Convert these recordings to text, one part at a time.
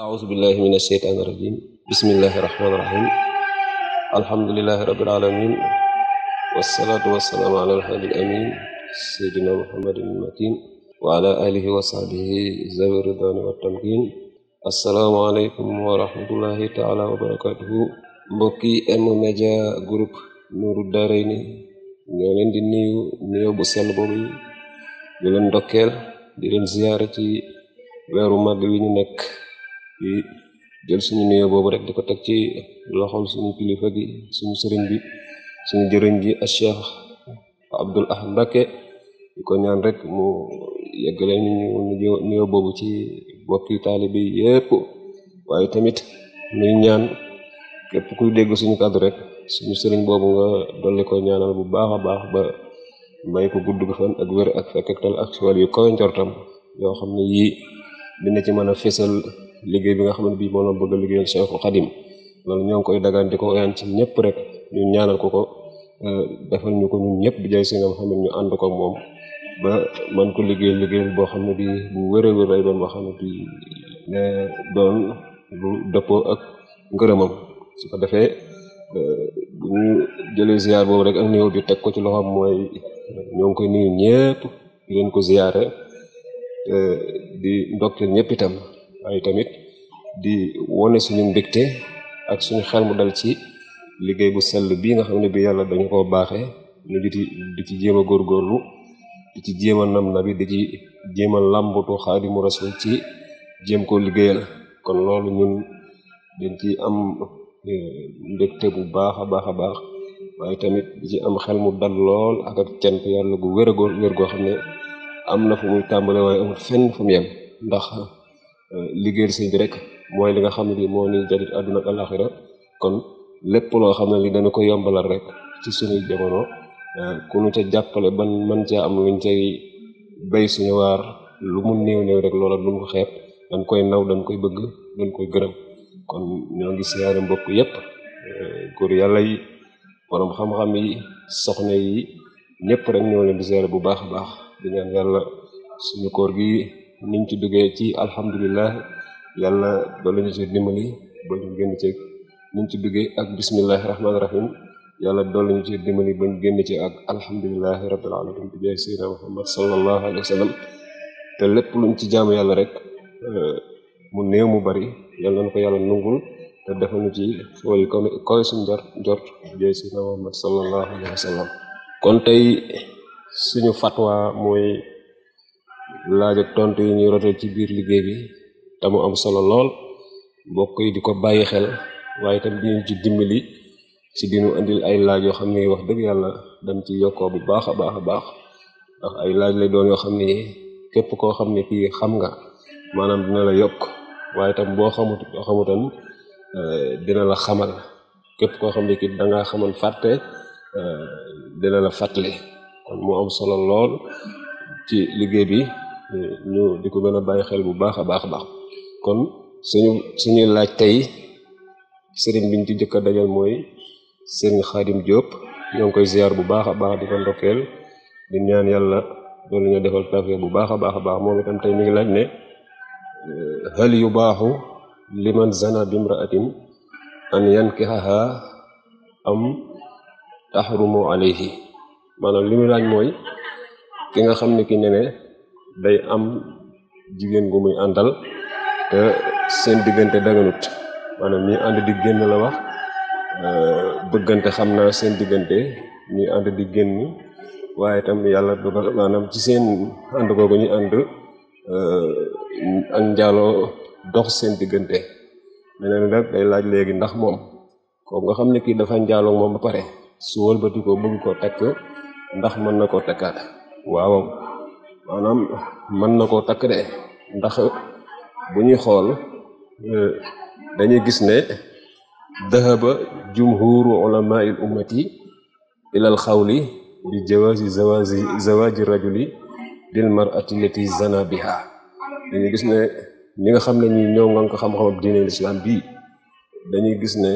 أعوذ بالله من الشيطان الرجيم بسم الله الرحمن الرحيم الحمد لله رب العالمين والصلاة والسلام على الهادي الأمين سيدنا محمد المتين وعلى آله وصحبه ذوي الرضوان والتمكين السلام عليكم ورحمة الله تعالى وبركاته mbokki M-Media Group Nourou Darayni ñoo leen di nuyu nuyoo bu sell boobu di leen ndokkeel di leen ziyaara ci weeru màgg wi ñu nekk di jël suñu nuyoo boobu rek di ko teg ci loxol suñu kilifa gi suñu sëriñ bi suñu jëriñ ji a Cheikh Abdoul Ahad Mbacké ko ñaan rek mu yeggale ñu nuyoo boobu ci bokki taalibe yi yépp waaye tamit nuy ñaan képp kuy dégg suñu kàddu rek suñu sëriñ boobu nga dolli ko ñaanal bu baax baax ba may ko gudd gu fan ak wér ak fekk ak tal yoo xam ne yii dina ci mën a fésal liggéey bi nga xam ne bii moom la bëgg a liggéeyal Cheikhul Khadim loolu ñoo ngi koy dagaan di ko oyaan ci ñëpp rek ñu ñaanal ko ko euh, defal ñu ko ñun ñëpp di si ñu ànd moom ba man ko liggéey liggéeyal boo xam ne bii bu wér lay doon boo xam ne bii doon lu ak ngërëmam su defee euh, bu ñu boobu rek ak néew bi teg ko ci loxoom mooy ñoo ngi koy nuyu ñëpp di leen ko ziare euh, di ndokkeel ñëpp itam waaye tamit di wone suñu mbégte ak suñu xel mu dal ci liggéey bu sell bii nga xam ne bii yàlla dañu ko baaxe ñu di ci di ci jéem a góorgóorlu di ci jéem a nam di ci jéem a làmbatu xaadimu rasul ci jéem koo liggéeyal kon loolu ñun dañ ci am eh, mbégte bu baax a baax a baax waaye tamit di ci am xel mu dal lool ak ak cant yàlla gu wér a wér goo xam ne am na fu muy tàmbale waaye fenn fu mu yem ndax liggéeyal sëñ bi rek mooy li nga xam ne moo ñuy jariñ àdduna ak alaxira kon lépp loo xam ne li dana ko yombalal rek ci suñu jamono eh, ku ñu ca jàppale ban man caa am luñ cay bay suñu waar lu mu néew néew rek loola lu mu ko xeeb dañ koy naw dañ koy bëgg dañ koy gërëm kon ñoo ngi siyaare mbokk yépp eh, góor yàlla yi borom xam-xam yi yi ñëpp rek ñoo leen bu baax a baax di ñaan yàlla suñu koor gi niñ ci duggee ci alhamdulilah yàlla doole ñu ci dimbali ba ñu génn ci nuñ ci duggee ak bismillahi rahmaani rahim yàlla doole ñu ci dimbali ba ñu génn ci ak alhamdulilahi rabbil alamin bi jaay sayyidina muhammad sallallahu alayhi wa sallam te lépp luñ ci jaamu yàlla rek euh, mu néew mu bari yàlla na ko yàlla nungul te defal ñu ci fool yi comme koy suñ jor jort bi jaay kon tey suñu fatwa mooy laaj tontu yi ñuy rotal ci biir liggéey bi tam am solo lool mbokk yi di ko bàyyi xel waaye itam dinañ ci dimbali ci dinu indil ay laaj yoo xam ne wax dëgg yàlla dem ci yokkoo bu baax a baax a baax ndax laaj lay doon yoo xam ne képp koo xam ne kii xam nga maanaam dina la yokk waaye itam boo xamut boo xamutoon eh, dina la xamal képp koo xam ne kii da ngaa xamal fàtte eh, dina la fàttali mu am solo lool ci liggéey bi ñu di ko gën a bàyyi xel bu baax a baax a baax kon suñu suñuy laaj tey sëriñ biñ ci jëkk a dajal mooy sëriñ Xaadim Diop ñoo ngi koy ziar bu baax a baax di ko ndokkeel di ñaan yàlla loolu ñu defal tawfeex bu baax a baax a baax moom itam tey mi ngi laaj ne hal yu baaxu liman zana bimraatin an yankihaha am tahrumu alayhi maanaam li mu laaj mooy ki nga xam ne ki nene day am jigéen gu muy àndal te seen diggante daganut maanaam ñi ànd di génn la wax euh, bëggante xam naa seen diggante ñi ànd di génn waaye tam yàlla dogal maanaam ci seen ànd googu ñu ànd euh, ak njaaloo dox seen diggante meneen nag day laaj léegi ndax moom kooku nga xam ne kii dafa njaaloo moom ba pare su wëlbati ko bëgg ko takk ndax mën na koo takkaat waaw maanaam mën na koo takk de ndax bu ñuy xool euh, dañuy gis ne dahaba jumhuru ulamaai l ummati ilal xawli bi jawaazi zawaazi zawaaji rajuli bil mar'ati lati zana biha dañuy gis ne ñi nga xam ne ñi ñoo nga ko xam-xam ab diine lislaam bi dañuy gis ne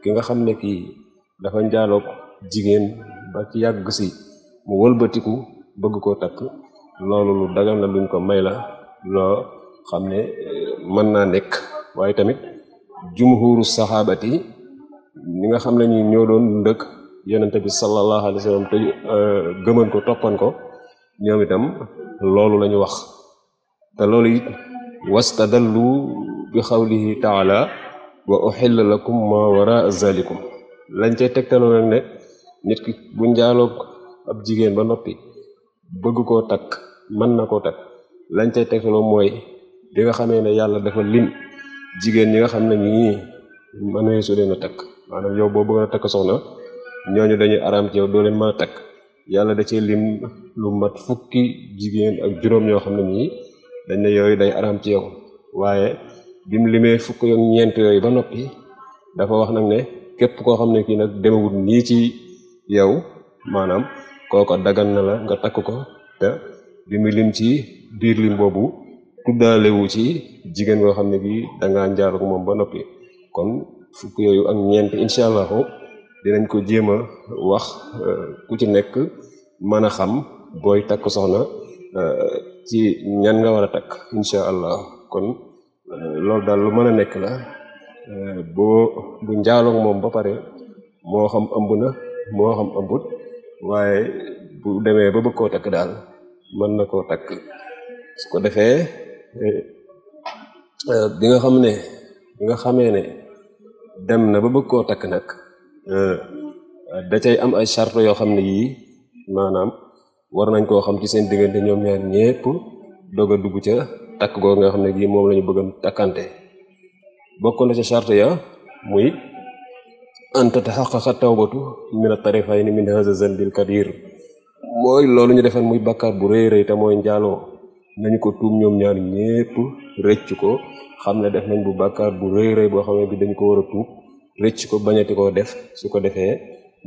ki nga xam ne kii dafa njaaloog jigéen ba ci yàgg si mu wëlbatiku bëgg koo takk loolu lu dagan la luñ ko may la loo xam ne eh, mën naa nekk waaye tamit jumhuru saxaabat yi ñi nga xam ne ñoo doon ndëkk yonente bi sallallahu alayhi wa sallam te eh, gëman ko toppan ko ñoom itam loolu la ñu wax te loolu it wastadallu bi xawlihi taala wa uxilla lakum ma wara zalikum lañ ce tegtaloo nag ne nit ki bu njaaloog ab jigéen ba noppi bëgg koo takk mën na koo teg lañ cay teg mooy bi nga xamee ne yàlla dafa lim jigéen ñi nga xam ne ñii mënee su leen a takk maanaam yow boo bëggoon a takk soxna ñooñu dañuy araam ci yow doo leen mën a takk yàlla da cee lim lu mat fukki jigéen ak juróom xam ne ñii dañ ne yooyu day araam ci waaye bim limee fukk ak ñeent yooyu ba noppi dafa wax nag ne képp koo xam ne kii nag demewut nii ci yow maanaam kooko dagan na la nga takk ko te li lim ci biir lim boobu tuddaalewu ci jigéen goo xam ne bii dangaa njaaloo moom ba noppi kon fukk yooyu ak ñeent incha allahu dinañ ko jéem a wax eh, ku ci nekk mën a xam booy takk soxna eh, ci ñan nga war a takk incha allah kon eh, loolu daal lu mën a nekk la boo bu njaaloog moom ba pare moo xam ëmb na moo xam ëmbut waaye bu demee ba bëgg koo takk daal mën na koo takk su ko defee eh, eh, bi nga xam ne bi nga xamee ne dem na ba bëgg koo takk nag eh, da am ay charte yoo xam ne yii maanaam war nañ koo xam ci seen diggante ñoom ñaar ñépp dog a dugg ca takk googu nga xam ne gii moom lañu bëgg a takkante bokk na ca charte ya muy an tataxaqaqa tawbatu min a tarifayni min haza zanbil kadir mooy loolu ñu defeen muy bakkaar bu rëy rëy te mooy njaaloo nañu ko tuub ñoom ñaar ñépp rëcc ko xam ne def nañ bu bakkaar bu rëy boo xam ne bi dañu ko war a tuub rëcc ko bañati koo def su ko defee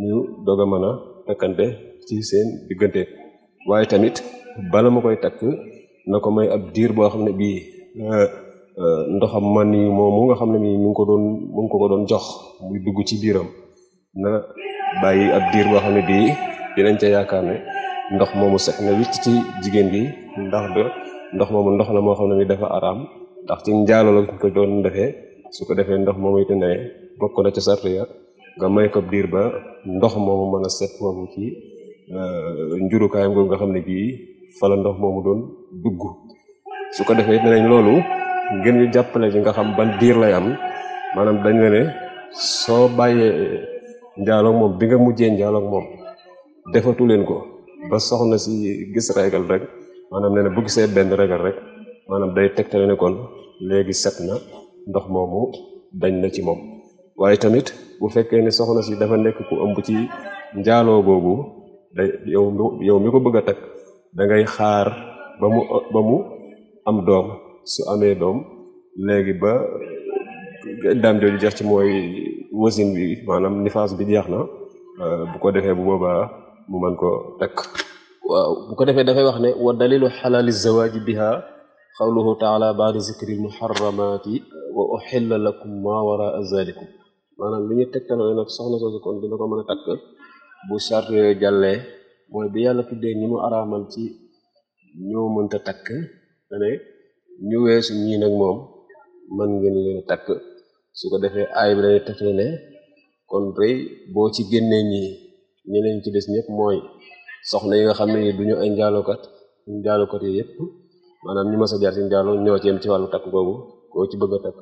ñu dog a mën a takkante ci seen diggante waaye tamit bala ma koy takk na ko may ab diir boo xam ne bii euh, euh, ndoxam man ni moom mu nga xam ne mi mu ngi ko doon mu ko ko doon jox muy dugg ci biiram na bàyyi ab diir boo xam ne bii dinañ ca yaakaar ne ndox moomu set na wicc ci jigéen gi ndax de ndox moomu ndox la moo xam ne mi dafa araam ndax ci njaalo la ko doon defee su ko defee ndox moomu it ne bokk na ca sart nga may ko diir ba ndox moomu mën set foofu ci euh, njurukaayam googu nga xam ne bii fa ndox moomu doon dugg su ko defee it nañ loolu ngeen ñu jàppale ci nga xam ban diir lay am maanaam dañ la ne soo bàyyee njaaloog moom bi nga mujjee njaaloog moom defatu leen ko ba soxna si gis reegal rek maanaam nee na bu gisee benn reegal rek maanaam day tegtale ne kon léegi set na ndox moomu dañ na ci moom waaye tamit bu fekkee ne soxna si dafa nekk ku am bu ci njaaloo boobu day yow yow mi ko bëgg a takk da xaar ba mu am doom su amee doom léegi ba daam jooju jeex ci mooy wasin bi maanaam nifaas bi jeex na bu ko defee bu boobaa mu mën koo takk waaw bu ko defee dafay wax ne wa dalilu xalaali zawaaji biha qawluhu taala baada ba muharramaati wa uxilla lakum ma waraa zalikum maanaam li ñu tegtaloo nag soxna soosu dina ko mën a takk bu charte yooyu jàllee mooy bi yàlla tuddee ñi mu araamal ci ñoo mënta takk ñu weesu ñii nag moom mën ngeen takk su ko defee aay bi dañuy tegtale ne kon rëy boo ci génnee ñii ñeneen ñi ci des ñëpp mooy soxna yi nga xam ne du ñu ay njaalookat njaalookat yi yëpp maanaam ñu mas a jaar ci njaalo ñoo ci yem ci wàllu takk boobu koo ci bëgg a takk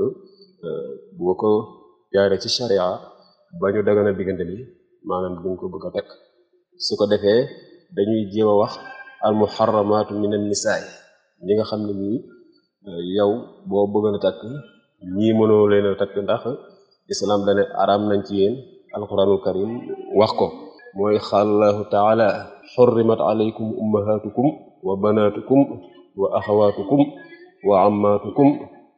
euh, boo ko jaaree ci sharia ba ñu daganal diggante bi maanaam duñ ko bëgg a takk su ko defee dañuy jéem a wax al muharramaatu min an nisaay ñi nga xam ne nii euh, yow boo bëggoon a takk ñii mënoo leen a takk ndax islam dane araam nañ ci yéen alquranul karim wax ko mooy xaallahu taala xurrimat alaykum ummahatukum wa banatukum wa axawatukum wa ammatukum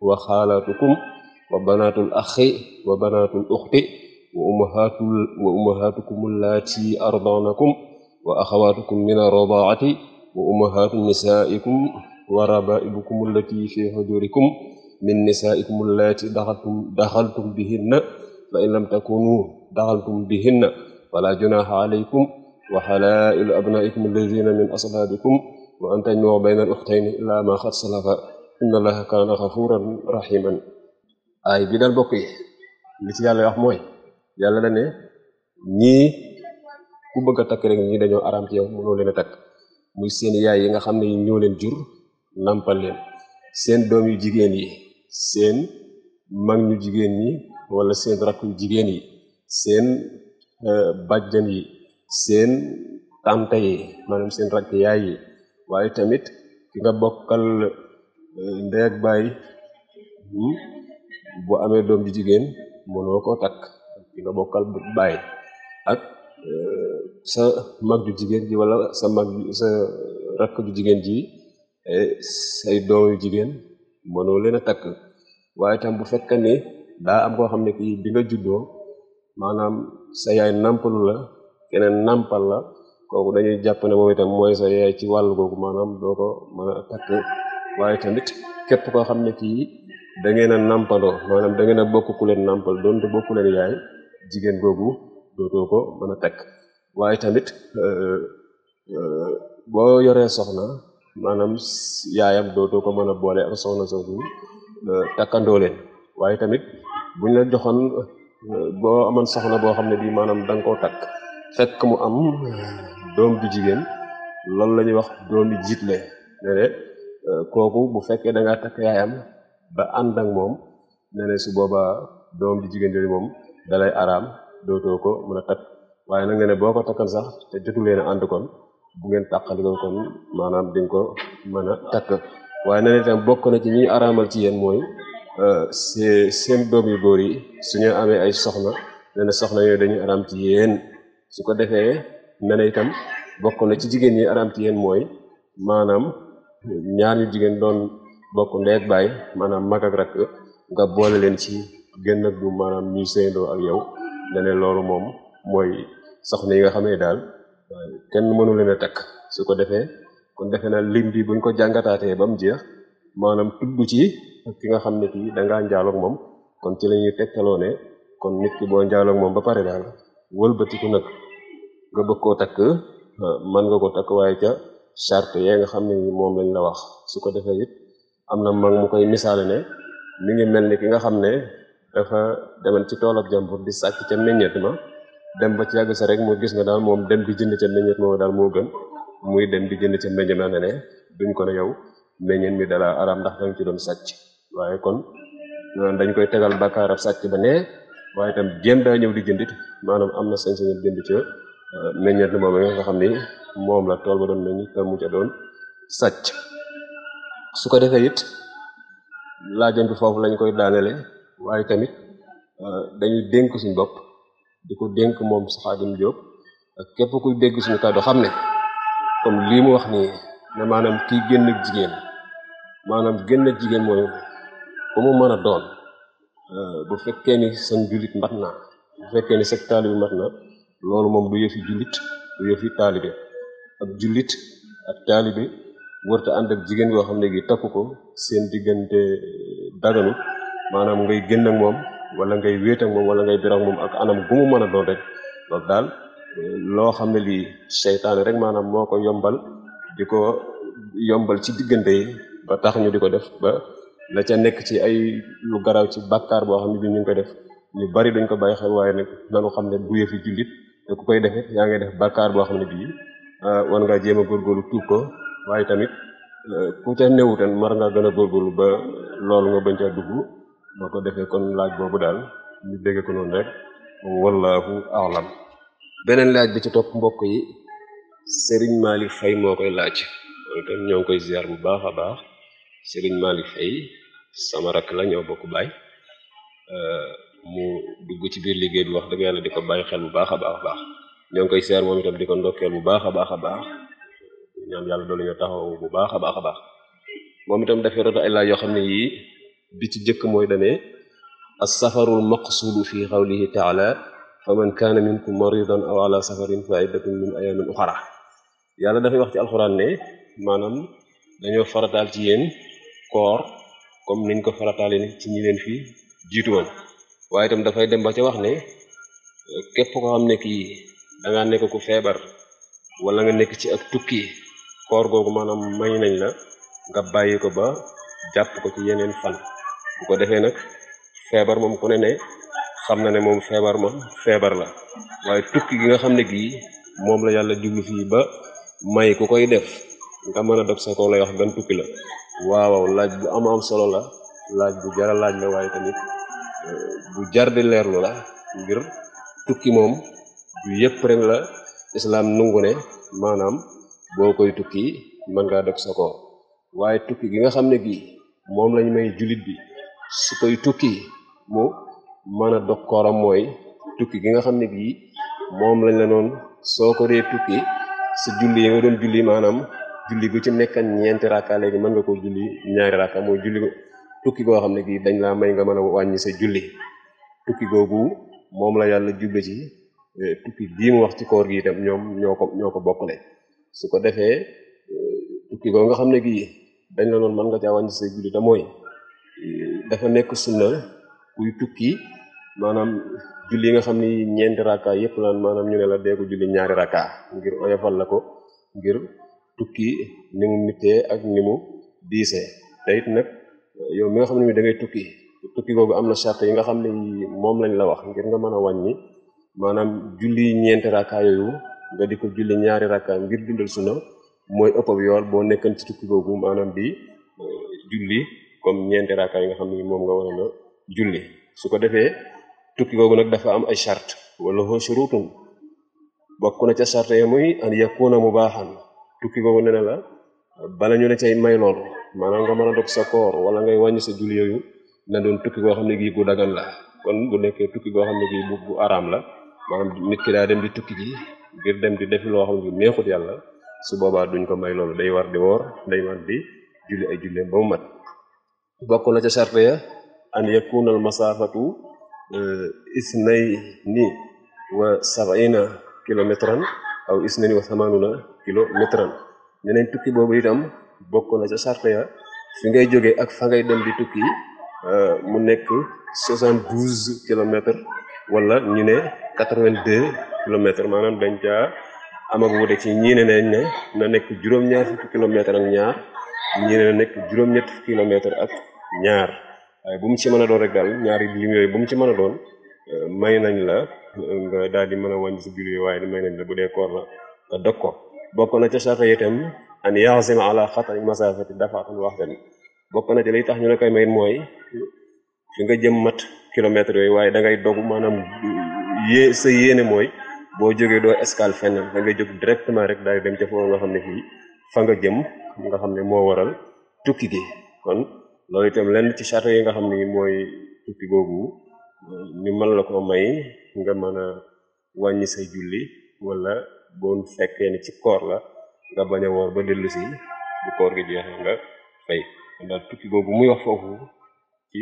wa xaalatukum wa banatul axi wa banatul uxti wa ummahatul wa ummahatukum allaati ardanakum wa axawatukum min arradaati wa ummahatu nisaikum wa rabaibukum allati fi xujurikum min nisaikum allaati daxaltum daxaltum bihinna fa in lam takunu daxaltum bihinna fala junaha alaykum wa halailu abnaikum alladina min aslaabikum wa an tajmacu bayna al uxtayni illa ma xat salafa kaana xafuran rahiman aay bi daal bokk yi ci yàlla wax mooy yàlla da ne ñii ku bëgg a takk rek ñii dañoo araam ci yow mënoo leen takk muy seen yaay yi nga xam ne ñoo leen jur nampal leen seen doom yu jigéen yi seen mag ñu jigéen ñi wala seen rakk yu jigéen yi seen Eh, bàjjan yi seen tante yi maanaam seen rakk yaay yi waaye tamit ki nga bokkal eh, ndey ak baay hmm, bu amee doom ju jigéen mënoo ko takk ki nga bokkal baay ak eh, sa mag ju jigéen ji wala sa mag sa rakk ju jigéen ji say doom yu jigéen mënoo leen a takk waaye tam bu fekkee ni daa am koo xam ne kii bi nga juddoo maanaam sa yaay nàmpalu la keneen nàmpal la kooku dañuy jàpp moom itam mooy sa yaay ci wàll googu maanaam doo ko mën a takk waaye tamit képp koo xam ne kii da ngeen a nàmpaloo maanaam da ngeen a leen nàmpal doonte bokku leen jigéen googu dootoo ko mën a waaye tamit euh, euh, boo yoree soxna maanaam yaayam dootoo ko mën boole ak soxna soosu euh, takkandoo leen waaye tamit buñ la joxoon boo amoon soxna boo xam ne bii maanaam da koo takk fekk mu am doom bu jigéen loolu la ñuy wax doomi jiitle ne ne euh, kooku bu fekkee da ngaa takk yaayam ba moom ne ne su boobaa doom di jigéen jooyu moom dalay araam dootoo ko mën a takk waaye nag ne ne boo ko takkan sax te jotu leen a ànd kon bu ngeen tàqali ko kon maanaam di ko mën a takk waaye ne tam bokk na ci ñuy araamal ci yéen mooy Euh, seen doom yu góor yi suñu amee ay soxna nee na soxna yooyu dañuy araam ci yéen su ko defee nee itam bokk na ci jigéen ñi araam ci mooy maanaam ñaar ñu jigéen doon bokk ndeeg baay maanaam mag ak rakk nga boole leen ci génn ak du maanaam ñuy seendoo ak yow nee loolu moom mooy soxna yi nga xamee daal kenn mënu leen a takk su ko defee kon defe na lim bi buñ ko jàngataatee ba mu jeex maanaam tudd ci ki nga xam ne kii da ngaa njaaloog moom kon ci la ñuy tegtaloo ne kon nit ki boo njaaloog moom ba pare daal wëlbatiku nag nga bëgg koo takk mën nga ko takk waaye ca charte yee nga xam ne moom lañ la wax su ko defee it am na mag mu koy misaale ne mi ngi mel ni ki nga xam ne dafa demal ci tool ak jàmbur di sàcc ca meññeet ma dem ba ci yàgg sa rek mu gis nga daal moom dem bi jënd ca meññeet moom daal moo gën muy dem di jënd ca meññeet ma ne ne ko ne yow meññeen mi dalaa araam ndax danga ci doon sàcc waaye kon maanaam euh, dañ koy tegal bàkkaarab sàcc ba nee waaye itam jéem ñëw di jëndit maanaam am na sañ-sañ jënd ca euh, meññeent moom nga xam ni moom la tool ba doon meññ mu ca doon su ko defee it laajan foofu lañ koy daanele waaye tamit euh, dañuy dénk suñ bopp di ko dénk moom Xaadim Jóob ak képp kuy dégg suñu kàddu xam ne comme lii mu wax nii ne maanaam kii génn ak jigéen maanaam génn ak jigéen mooy ku mu mën a doon euh, bu fekkee ni seen jullit mat na bu fekkee ni sa taalibi mat na loolu moom du yëfi jullit du yëfi taalibe ak jullit ak taalibe wërta ànd ak jigéen yoo xam ne gi takku ko seen diggante daganu maanaam ngay génn moom walla ngay wéet ak moom wala ngay birak moom ak anam gu mu mën a doon rek daal euh, loo xam ne li seytaane rek maanaam moo ko yombal di ko yombal ci diggante yi ba tax ñu di ko def ba la ca nekk ci ay lu garaw ci bàkkaar boo xam ne bi ñu ngi koy def ñu bari dañ ko bàyyi xel waaye nag nanu xam ne bu yëfi jullit te ku koy defee yaa ngi def bàkkaar boo xam ne bii ah, war ngaa jéem a góorgóorlu tuub ko waaye tamit eh, ku te newutan mar ngaa gën a ba loolu nga bañ caa dugg boo ko defee kon laaj boobu daal ñu dégg ko noonu rek wallaahu aalam beneen laaj bi ci topp mbokk yi sëriñ Malick Faye moo koy laaj kon kan ñoo ngi koy ziar bu baax a baax sëriñ Malick Faye sama rakk la ñoo bokk baay euh, mu dugg ci biir liggéey bi wax dëgg yàlla di ko bàyyi xel bu baax a baax a baax ñoo ngi koy ziar moom itam di ko ndokkeel bu baax a baax a baax ñaan yàlla doolu ñu taxaw bu baax a baax a baax moom itam dafay rota ay laaj yoo xam ne yii bi ci jëkk mooy danee as-safarul maqsuudu fi qawlihi taala fa man kaana minkum maridan aw ala safarin fa iddatun min ayaamin uxara yàlla dafay wax ci alxuraan ne maanaam dañoo farataal ci yéen koor comme niñ ko farataale ci ñi leen fii jiitu woon waaye tam dafay dem ba ca wax ne képp ko xam ne kii da ngaa ko feebar wala nga nekk ci ak tukki koor googu maanaam may nañ la nga bàyyi ko ba jàpp ko ci yeneen fan bu ko defee nag feebar moom ku ne ne xam na ne moom feebar ma feebar la waaye tukki gi nga xam ne gii moom la yàlla jublu fii ba may ku koy def nga mën a dog sa kaw lay wax gan tukki la waaw laaj bu am solo la laaj bu jara laaj la waaye tamit eh, bu jar di leerlu la ngir tukki moom bu yëpp rek la islaam nungu ne maanaam boo koy tukki mën ngaa dog sa kaw waaye tukki gi nga xam ne bii moom lañ may jullit bi su koy tukki mu mën a dog kooram mooy tukki gi nga xam ne bii moom lañ la noon soo ko dee tukki si julli yi doon julli maanaam julli gu ci nekk ñeenti rakka léegi man nga koo julli ñaari rakka mooy julli tukki goo xam ne dañ laa may nga mën a wàññi sa julli tukki googu moom la yàlla juble ci eh, tukki bii mu wax ci koor gi itam ñoom ñoo ko ñoo ko bokkale su ko defee eh, tukki nga xam ne gii dañ la noon mën nga caa wàññi sa julli te eh, dafa nekk sunna kuy tukki maanaam julli nga xam ni ñeenti rakka yépp la maanaam ñu ne la dee ko julli ñaari rakka ngir oyofal la ko ngir tukki ni mu mittee ak ni mu nag yow mi nga xam ne mi da tukki tukki googu am na charte yi nga xam ne moom lañ la wax ngir nga mën a wàññi maanaam julli ñeenti rakka yooyu nga di ko ñaari rakka ngir dundal sunna mooy ëpp yool boo nekkan ci tukki googu maanaam di eh, julli comme ñeenti rakka yi nga xam ne moom nga waroon a julli su ko defee. tukki googu nag dafa am ay chart wala hoo shurutun bokk na ca charte ya muy an yakuna mu baaxan tukki googu nee na la na ñu la cay may lool maanaam nga mën a dog sa koor wala ngay wàññi sa julli yooyu na doon tukki goo xam ne gii gu dagan la kon bu nekkee tukki goo xam ne gii bu bu araam la maanaam nit ki daa dem di tukki ji ngir dem di defi loo xam ne neexut yàlla su boobaa duñ ko may day war di woor day war di julli ay julleem ba mu mat bokk na ca ya an اثنين وسبعين كيلو مترا aw isnain wa thamanuna kilometran neneen tukki boobu itam bokk na ca charte ya fi ngay jógee ak fa ngay dem di tukki euh, mu nekk soixante douze kilomètres wala ñu ne quatre vingt deux kilomètres maanaam dañ caa am ak wute ci ñii ne nañ ne na nekk juróom-ñaar fukki kilomètres ak ñaar ñii na nekk juróom-ñett kilomètres ak ñaar waaye bu mu ci mën a doon rek daal ñaari lim yooyu bu mu ci mën a doon euh, may nañ la nga daal di man a wàññi si biir yooyu waaye may nañ la bu dee koor la nga dog ko bokk na ca sarta itam an yaazima ala xatari masafati dafaatan waxtan bokk na ca liy tax ñu ne koy may mooy fi nga jëm mat kilomètre yooyu waaye da ngay dogu maanaam yée sa yéene mooy boo jógee doo escale fenn da nga jóg directement rek daal dem ca foofu nga xam ne fii fa nga jëm nga xam ne moo waral tukki gi kon loolu itam lenn ci charte yi nga xam ni mooy tukki googu ñu mën la ko may nga mën wàññi say julli wala boon fekkee ni ci koor la nga bañ a woor ba dellu si koor gi jeexee nga fay tukki googu muy wax foofu ci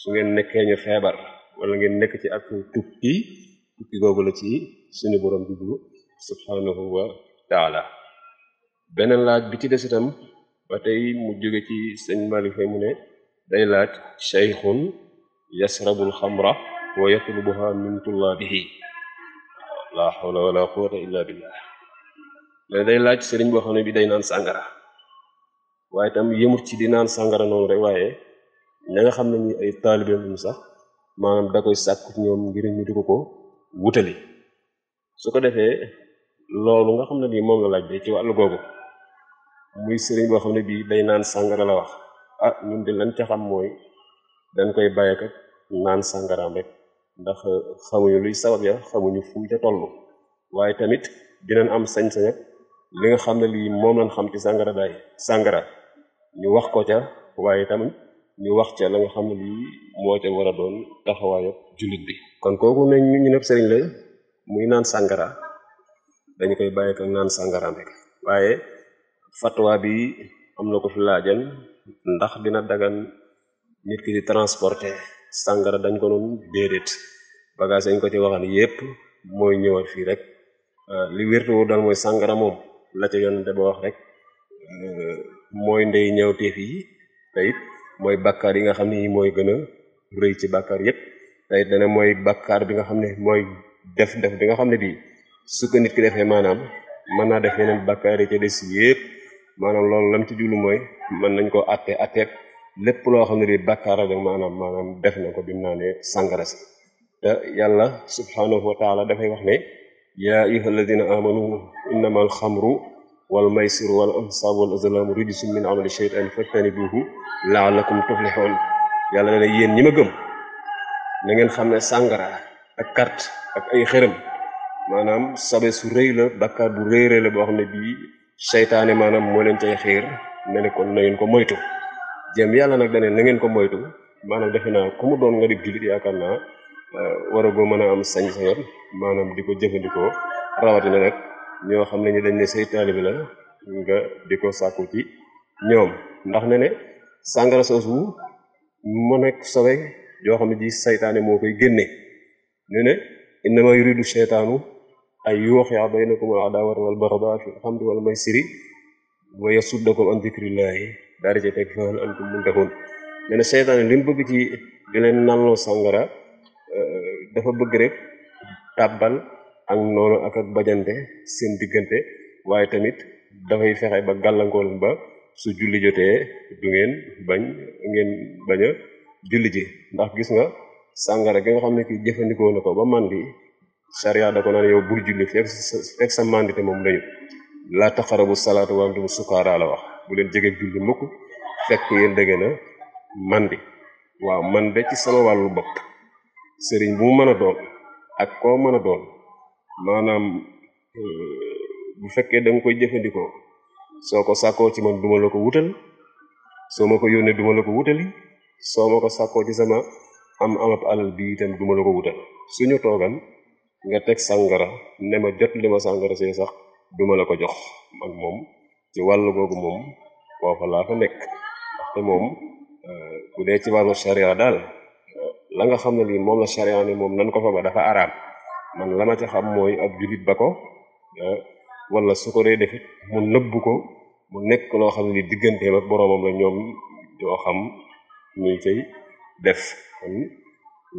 su ngeen nekkee ñu feebar walla ngeen nekk ci ak tukki tukki googu la ci suñu borom jublu subhanahu wa taala beneen laaj bi ci des itam ba tey mu jóge ci sëñ Malick Faye mu ne day laaj cheykhun yasrabul xamra wa yatlubuha min tullaabihi la hawla wala quwwata illa day laaj sëriñ boo ne bi day naan sàngara waaye tam yëmut ci di naan sàngara noonu rek waaye ña nga xam ne ñu ay taalibeem ñu sax maanaam da koy sàkk ñoom ngir ñu di ko ko wutali su ko defee loolu nga xam ne nii moom la laaj bi ci wàllu googu muy sëriñ boo xam ne bii day naan sàngara la wax ah ñun de lañ ca xam mooy dañ koy bàyyi ak naan sàngaraam rek ndax euh, xamuñu luy sabab ya xamuñu fu mu ca toll waaye tamit dinañ am sañ-sañ li nga xam ne lii moom lañ xam ci sàngara daay sàngara ñu wax ko ca waaye tamit wax ca la nga xam ne lii moo ca war a doon taxawaayu jullit bi. kon kooku ne ñu ñu nekk sëriñ la muy naan sàngara dañu koy bàyyi ak naan sàngaraam rek waaye fatwa bi am na ko fi laajan. ndax dina dagan nit ki di transporté sàngara dañ ko noonu déedéet bagage dañ ko ci waxan yépp mooy ñëwaat fii rek euh, li wértuwu daal mooy sàngara moom la ca yonante ba wax rek euh, mooy ndey ñëwteef yi mooy bàkkaar yi nga xam ne yi mooy gën a rëy ci bàkkaar yépp te it mooy bàkkaar bi nga xam ne mooy def def bi nga xam ne bi su ko nit ki defee maanaam mën naa def yeneen bàkkaar yi des yépp maanaam loolu lam ci jublu mooy man nañ koo atte atteeb lépp loo xam ne di bàkkaara rek maanaam maanaam def na ko bi mu naanee sàngara si te yàlla subhanahu wa taala dafay wax ne yaa ayuha alladina amanu innama alxamru wal maysiru wal ansaabu wal azlaamu rijsum min amali sheytaani fajtanibuhu laalakum tuflixoon yàlla dana yéen ñi ma gëm na ngeen xam ne sàngara ak carte ak ay xërëm maanaam sobe su rëy la bàkkaar bu rëy rëy la boo xam ne bii seytaane maanaam moo leen cay xiir ne ne kon na ko moytu jëm yàlla nag dane na ngeen ko moytu maanaam defe naa ku doon nga di jullit yaakaar naa eh, waragoo mën a am sañ-sañoon maanaam di ko jëfandikoo rawatina nag ñoo xam ne ñu dañ ne say taalibe la nga di ko sàkku ci ñoom ndax ne ne sàngara soosu mu nekk sobe joo xam ne ji seytaane moo koy génne ne ne innama yuridu seytaanu ay yuuxya baynakum al adaawata wal baradaa fi alxamri wal maysiri wa yasuddakum an dikrillahi daal di ci teg fa hal antum muntahun nee na seytaane li mu bëgg ci di leen nanloo sàngara euh, bëgg rek tàbbal ak noonu ak bajante seen diggante waaye tamit dafay fexe ba gàllankoor ba su julli jotee du ngeen bañ ngeen bañ a julli ji ndax gis nga sàngara gi nga xam ne ki jëfandikoo na ko ba màndi sariya da ko naan yow bul julli fekk sa fekk moom dañu laa taqarabu salaata wa antum sukaara la wax bu leen jege julli mukk fekk yéen dëgg na mandi waaw man de ci sama wàllu bopp sëriñ bu mu mën a doon ak koo mën a doon maanaam euh, bu fekkee da nga koy jëfandikoo soo ko sàkkoo ci man duma la ko wutal soo ma ko yónnee duma la ko wutali soo ma ko sàkkoo ci sama am amab alal bi itam duma la ko wutal suñu toogam nga teg sàngara ne ma jot li ma sàngara see sax duma la ko jox mag moom ci wàll googu moom foofa laa nekk te moom euh, bu dee ci wàllu sharia daal euh, la nga xam ne lii moom la sharia ne moom nan ko fa ba dafa araan man la ma ca xam mooy ab julit ba ko euh, wala su ko dee defit mu nëbb ko mu nekk loo xam ne li digganteem ak boroomam la ñoom yoo xam ñuy cay def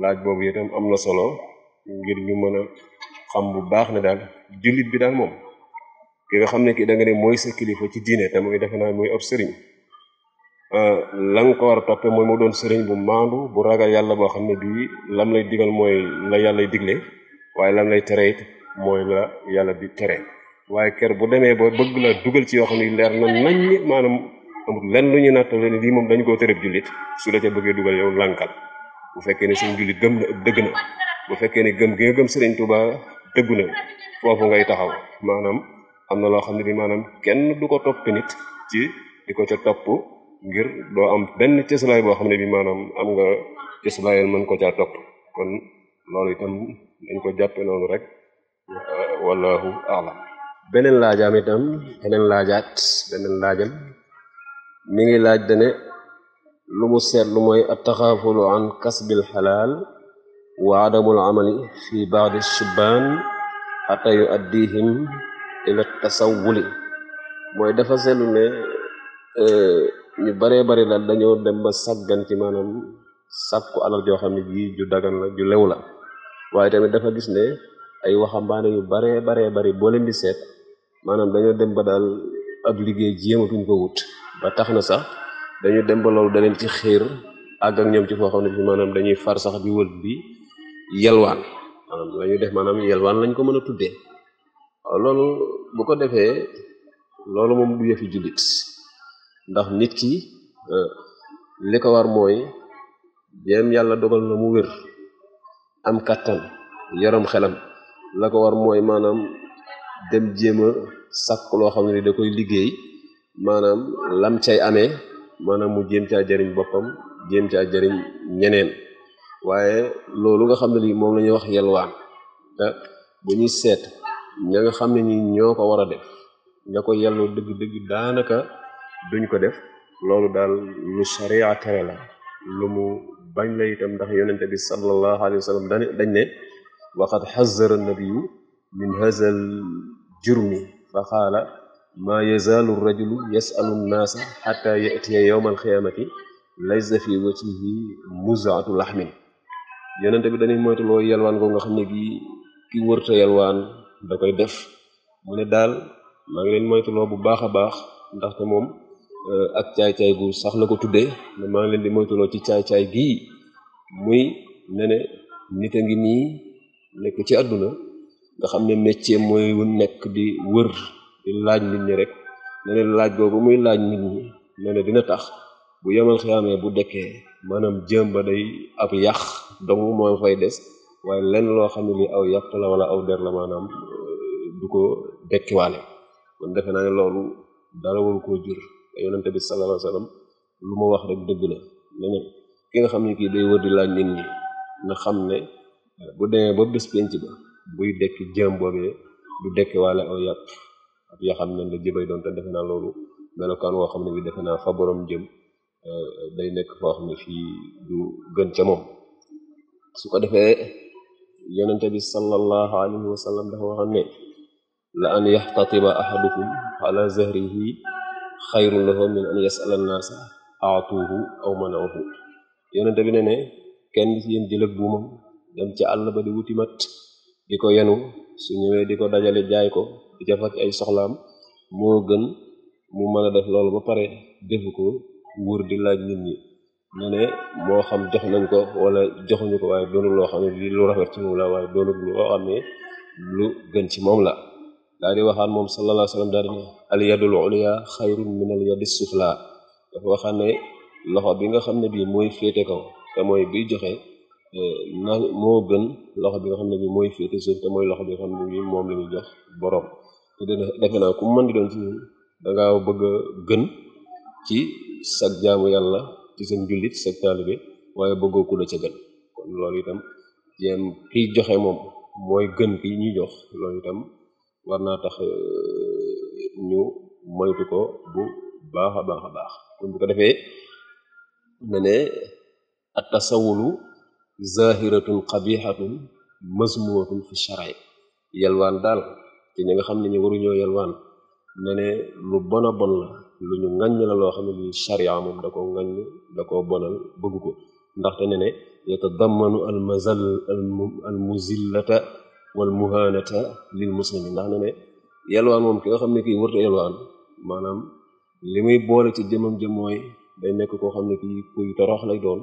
laaj boobu itam am na solo ngir ñu mën a xam bu baax ne daal jullit bi daal moom ki nga xam ne ki da ne mooy sa ci diine te mooy defe naa mooy ab sëriñ euh, la nga ko war a toppe mooy mu doon sëriñ bu maandu bu ragal yàlla boo xam ne bii lam lay digal mooy la yàlla digle waaye lam lay tere mooy la yàlla di tere waaye kër bu demee ba bëgg laa dugal ci yoo xam ne leer na nañ maanaam amul lenn lu ñu nattale ne lii moom dañ koo tërëb jullit su la ca bëggee dugal yow lànkal bu fekkee ne suñu jullit gëm na dëgg na bu fekkee ne gëm gi nga gëm sëriñ Tuuba dëggu na foofu ngay taxaw maanaam am na loo xam ne bi maanaam kenn du ko topp nit ci di ko ca topp ngir doo am benn cëslaay boo xam ne bi maanaam am nga cëslaayal mën ko caa topp kon lool itam dañ ko jàppe noonu rek wallahu alam beneen laajaam itam beneen laajaat beneen laajam mu ngi laaj dane lu mu seet lu mooy at taxaafulu an kasbil xalaal wa adamul amali fi baadi shubaan xata yu addihim ila tasawuli mooy dafa seetlu ne eh, ñu baree bari la dañoo dem ba sàggan ci maanaam sàkku alal joo xam ne ji ju dagan la ju lew la waaye tamit dafa gis ne ay waxambaane yu baree baree bari boo leen di seet maanaam dañoo dem ba daal ab liggéey jéematuñ ko wut ba tax na sax dañu dem ba loolu daleen ci xiir àgg ñoom ci foo xam ne bi maanaam dañuy far sax di wël bi yelwaan maanaam la ñuy def maanaam yelwaan lañ ko mën a tuddee waaw loolu bu ko defee loolu moom du yëfi jullit ndax nit ki euh, li ko war mooy jéem yàlla dogal na mu wér am kàttan yaram xelam la ko war mooy maanaam dem jéem a sàkk loo xam ne ni da koy liggéey maanaam lam cay amee maanaam mu jéem caa jëriñ boppam jéem caa jëriñ ñeneen waaye loolu nga xam ne lii moom la ñuy wax yelwaan te ah, bu ñuy seet ña nga xam ne ñi ñoo ko war a def ña ko yelloo dëgg dëgg daanaka duñ ko def loolu daal lu sariya tere la lu mu bañ la itam ndax yonente bi sallallahu alayhi wa sallam da dañ ne waqad xazara nabiyu min hazal jurmi fa qaala maa yazaalu rajulu yasalu nnaasa xata yatiya yowma alqiyaamati laysa fi wajhihi muzaatu laxmin yonente bi dañuy moytuloo yelwaan ko nga xam ne gi ki wërta yelwaan da koy def mu ne daal maa ngi leen moytuloo bu baax a baax ndaxte moom euh, ak caay-caay gu sax la ko tuddee maa ngi leen di moytuloo ci caay-caay gii muy ne ne nit a ngi nii nekk ci àdduna nga xam ne métier mooy nekk di wër di laaj nit ñi rek ne laaj boobu muy laaj nit ñi ne dina tax bu yemal xiyaamee bu dekkee maanaam jëm ba day ab yàq dong moo fay des waaye lenn loo xam ne ni aw yàpp la wala aw der la maanaam euh, du ko dekkiwaale kon defe naa ne loolu dara waru koo jur yonente bi sallallahu alayhi wasallam lu ma wax rek dëgg ki nga xam ne kii day wër di laaj nit ñi xam ne euh, bu demee ba bés penc buy dekki jëm boobee du dekkiwaale aw yàpp yoo xam ne la jëbay doon naa loolu melokaan woo xam ne bi naa fa borom jëm euh, day nekk foo xam ne fii du gën ca moom su ko defee yonente bi sallallahu alayhi wa sallam dafa waxoon ne la an yaxtatiba ahadukum ala zahrihi xayrun lahu min an yasala annaasa aatuuhu aw manauhu yonente bi ne ne kenn ci yéen jëlëg buumam dem ci àll ba di wuti mat di ko yenu su ñëwee di ko dajale jaay ko di ca faj ay soxlaam moo gën mu mën a def loolu ba pare defu ko wër di laaj nit ñi mu ne moo xam jox nañ ko wala joxuñu ko waaye doonul loo xam ne li lu rafet ci moom la waaye doonul loo xam ne lu gën ci moom la daal di waxaan moom sallallahu alayhi wa sallam daal di ne al yadul ulya xayrun min al yadi sufla dafa waxaan ne loxo bi nga xam ne bii mooy féete kaw te mooy bi joxe eh, na moo gën loxo bi nga xam ne bii mooy féete suuf mooy loxo bi xam ne bii moom la ñuy jox borom te defe naa ku mën di doon ci da ngaa bëgg a gën ci sag jaamu yàlla ci seen jullit sa taalibe waaye bëggoo ku la ca gën kon loolu itam jéem kiy joxe moom mooy gën ki ñuy jox loolu itam war naa tax euh, ñu moytu ko bu baax a baax a baax kon bu ko defee nga ne at tasawulu zahiratun qabihatun masmuwatun fi sharay yalwaan daal te ñi nga xam ne ñu waruñoo yalwaan ne lu bon bon la lu ñu ŋaññ la loo xam ne lii charia moom da ko ŋaññ da ko bonal bëggu ko ndaxte ne ne yatadammanu al mazal al muzillata wal muhanata lil muslimin ndax ne ne yelwaan moom ki nga xam ne kii wërta yelwaan maanaam li muy boole ci jëmam jëm mooy day nekk koo xam ne kii kuy torox lay doon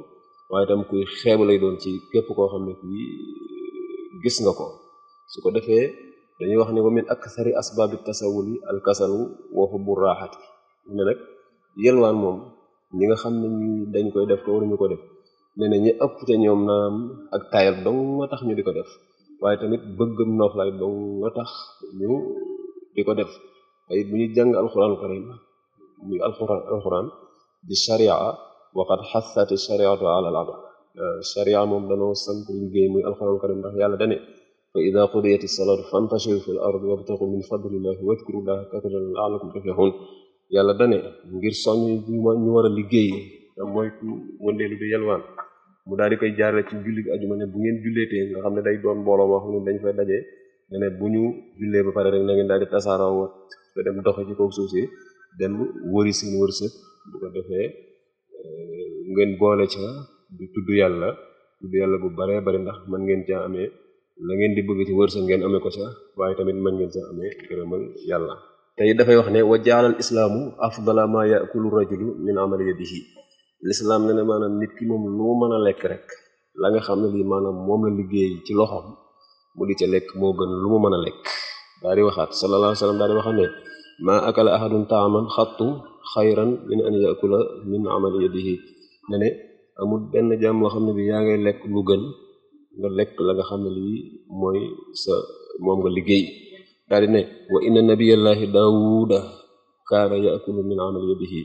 waaye itam kuy xeebu lay doon ci képp koo xam ne kii eh, gis nga ko su ko defee dañuy wax ne ko wa ak aksari asbaabi tasawuli alkasalu wa hubbu raaxati ne nag yelwaan moom ñi nga xam ne ñi dañ koy def ko waruñu ko def nee na ñi ëpp ca ñoom naam ak tayal dong nga tax ñu di ko def waaye tamit bëggam noflaay dong nga tax ñu di ko def ay bu ñu jàng alquran karim muy alquran alquran di sharia waqad xasati shariatu ala al abad sharia moom danoo sant liggéey muy alquran karim ndax yàlla dane fa ida qudiyati salaatu fantashiru fi l ard wabtaxu min fadlillahi wadkuru llaha kathiran laalakum tuflihun yàlla dane ngir soññ ñu war a liggéey te moytu wëndeelu di yelwaan mu daal di koy jaarale ci julli ajuma ne bu ngeen julleetee nga xam ne day doon mbooloo boo xam ne dañ fay dajee ne ne bu ñu jullee ba pare rek na ngeen daal di tasaaroo woon te dem doxe ci kaw suuf si dem wëri seen wërsëg bu ko defee eh, ngeen boole ca di tudd yàlla tudd yàlla bu baree bari ndax mën ngeen caa amee la ngeen di bëgg ci wërsëg ngeen amee ko ca waaye tamit mën ngeen caa amee gërëmal yàlla tey dafay wax ne wa jaalal islaamu afdala ma yakulu rajulu min amali yadihi lislaam ne ne maanaam nit ki moom lu mën a lekk rek la nga xam ne lii maanaam moom la liggéey ci loxoom mu di ca lekk moo gën lu mu mën a lekk daa di waxaat sallallahu alayhi wa sallam daa di ne maa akala ahadun taaman xattu xayran min an yakula min amali yadihi ne ne amul benn jaam loo xam ne bi yaa ngay lekk lu gën lekk la nga xam ne lii mooy sa moom nga liggéey daal di ne wa inna nabiyallahi daawuda kaana yakulu min amal yadihi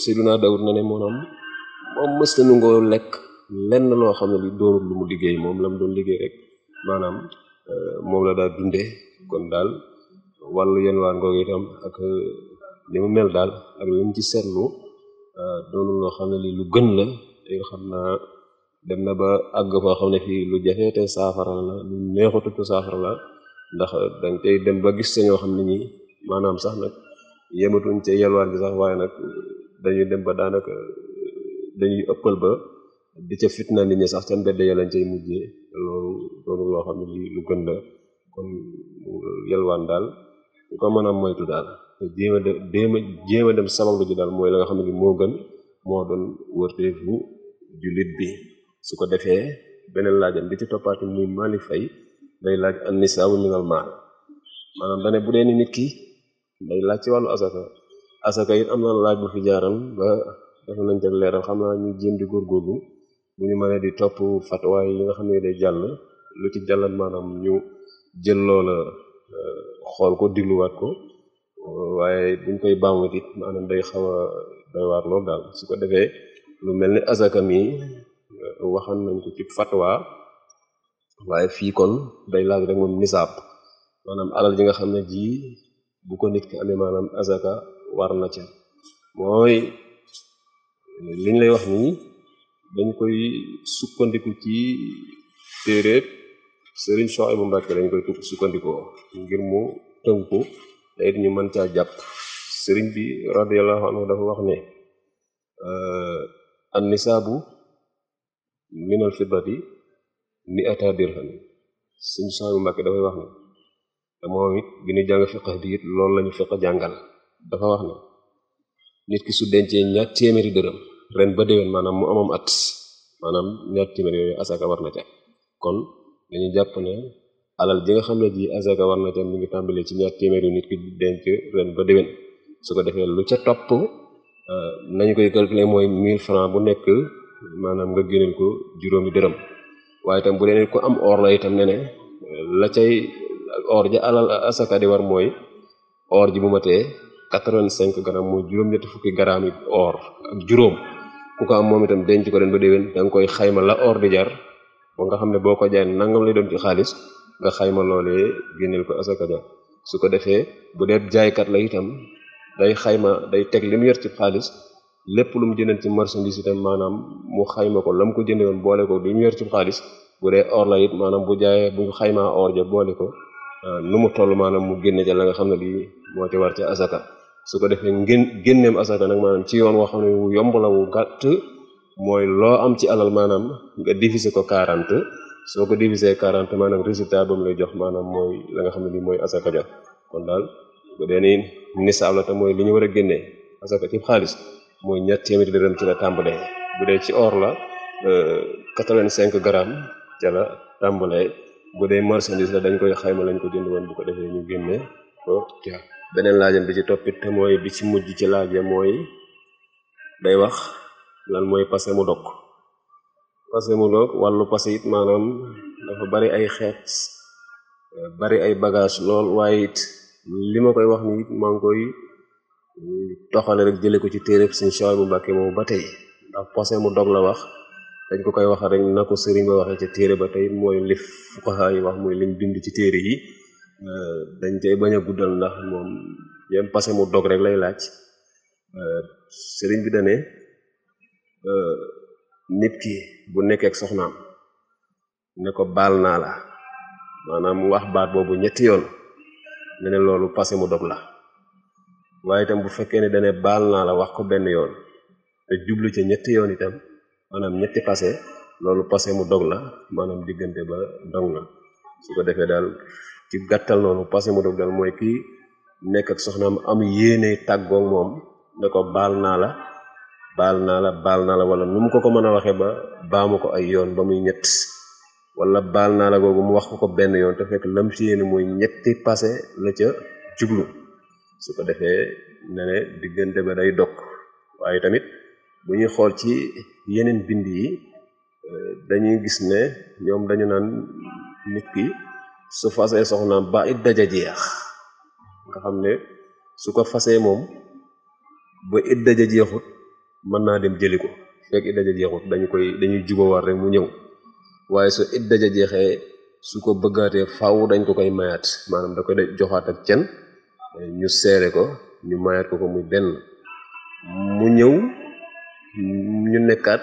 sayyiduna daawud na ne moonaam moom mës na nangoo lekk lenn loo xam ne li doonul lu mu liggéey moom la mu doon liggéey rek euh, moom la daa dunde daal wàllu yenn waan googu itam euh, ak li mu mel daal ci seetlu euh, doonul loo xam ne li lu gën la te xam naa dem na ba àgg foo xam ne fii lu jafe te saafara la lu neexutu saafara la ndax dañ tey dem ba gis sañoo xam ne ñi maanaam sax nag yematuñ ci yelwaan bi sax waaye nag dañuy dem ba daanaka eh, dañuy ëppal ba di ca fitna nit ni sax ca mbedd ya lañ cay mujjee loolu loo xam ne lu gën la kon yelwaan daal lu ko mën a moytu daal a dem jéem a a dem sabablu ji daal mooy la nga xam ne moo gën moo doon wërteefu jullit bi su ko defee beneen laajam bi ci toppaati muy Malick Faye day laaj an nisaabu minal maal maanaam dane bu dee ni nit ki day laaj ci wàllu asaka asaka it am na laaj bu fi jaaral ba def nañ ca leeral xam naa ñu jéem di góorgóorlu bu ñu mënee di topp fatwa yi nga xam ne day jàll lu ci jàllat maanaam ñu jël loola euh, xool ko digluwaat ko waaye duñ koy baamuwaat it maanaam day xaw a doy waar lool daal su ko defee lu mel ni asaka mi euh, waxan nañ ko ci fatwa waaye fii kon day laaj rek moom nisaab maanaam alal ji nga xam ne ji bu ko nit ki amee maanaam azaka war na ca mooy liñ lay wax nii dañ koy sukkandiku ci téeréeb sëriñ Suhaybu Mbàkke dañ koy sukkandikoo ngir mu tënku te it ñu mën caa jàpp sëriñ bi radiyallahu anhu dafa wax ne an nisaabu minal fiddati mi ata dirham suñu sooy bu Mbàkke dafay wax ne te moom it bi ñu jàng fiqa bi it loolu lañu fiqa jàngal dafa wax ne nit ki su dencee ñaar téeméeri dërëm ren ba déwén maanaam mu amoon at maanaam ñaar téeméer yooyu asaka war na ca kon dañu jàpp ne alal nga xam ne ji asaka war na ca mi ngi tàmbalee ci ñaar téeméer yu nit ki denc reen ba déwén su ko defee lu ca topp euh, nañu koy calculer mooy 1000 francs bu nekk maanaam nga génneel ko juróomi dërëm waaye itam bu dee nit ku am or la itam ne ne la cay or ja alal asaka di war mooy or ji bu matee quatre-vingt-cinq grammes mooy juróom-ñetti fukki grammes yi or ak juróom ku ko am moom itam denc ko den ba déwén da nga koy xayma la or di jar ba nga xam ne boo ko jaay nangam lay doon ci xaalis nga xayma loolee génneel ko asaka su ko defee bu dee jaaykat la itam day xayma day teg limu mu yor xaalis lépp lu mu jëndal ci marchandise itam maanaam mu xayma ko la mu ko jënde woon boole ko du ñu yor ci xaalis bu dee or la it maanaam bu jaayee bu xayma or ja boole ko euh, nu mu toll maanaam mu génne ca la nga xam ne lii moo ci war ci asaka ko defee ngén génneem asaka nag maanaam ci yoon woo xam wu yomb wu gàtt mooy loo am ci alal nga diviser ko 40 soo ko diviser 40 maanaam résultat ba lay jox maanaam mooy la nga xam ne lii mooy asaka ja kon daal bu dee ni nisaab la te mooy li ñu war a génnee asaka ci xaalis mooy ñett téeméeri dërëm ci la tàmbalee bu dee ci or la euh, quatre-vingt-cinq gramme ca la tàmbalee bu dee marchandise la dañ koy xayma lañ ko jënd woon bu ko defee ñu génnee ko ca beneen laajam bi ci toppit te mooy bi ci mujj ci laaja mooy day wax lan mooy passé mu dog passé mu dog wàllu passé it maanaam dafa bari ay xeet bari ay bagage lool waaye it li ma koy wax ni it koy toxale rek jëlee ko ci téereb sëñ Suwaybu Mbàkke moom ba tey ndax posé mu dog la wax dañ ko koy wax rek na ko sëriñ ba waxee ca téere ba tey mooy li fuqahaa yi wax mooy liñ bind ci téere yi euh, dañ cay bañ a guddal ndax moom yem passé mu dog rek lay laaj euh, sëriñ bi dane euh, nit ki bu nekkee ak soxnaam ne ko baal naa la maanaam wax baat boobu ñetti yoon ne ne loolu passé mu dog la waaye itam bu fekkee ne dane baal naa la wax ko benn yoon te jublu ca ñetti yoon itam maanaam ñetti passé loolu passé mu dog la maanaam diggante ba dog na su ko defee daal ci gàttal noonu passé mu dog daal mooy kii nekk ak soxnaam am yéene tàggoog moom ne ko baal naa la baal naa la baal naa la wala nu mu ko ko mën a waxee ba baamu ko ay yoon ba muy ñett wala baal naa la googu mu wax ko ko benn yoon te fekk lam ci mooy ñetti pase la ca jublu su ko defee ne diggante ba day dog waaye tamit bu ñuy xool ci yeneen bind yi eh, dañuy gis ne ñoom dañu naan nit ki su fasee soxnaam ba it daja jeex nga xam ne su ko fasee moom ba it daja jeexut mën naa dem jëli ko fekk it daja jeexut dañu koy dañuy jubawaat rek mu ñëw waaye su it daja jeexee su ko bëggaatee faaw dañ ko koy mayaat maanaam da koy joxaat ak cen ñu seere ko ñu mayaat ko ko muy benn mu ñëw ñu nekkaat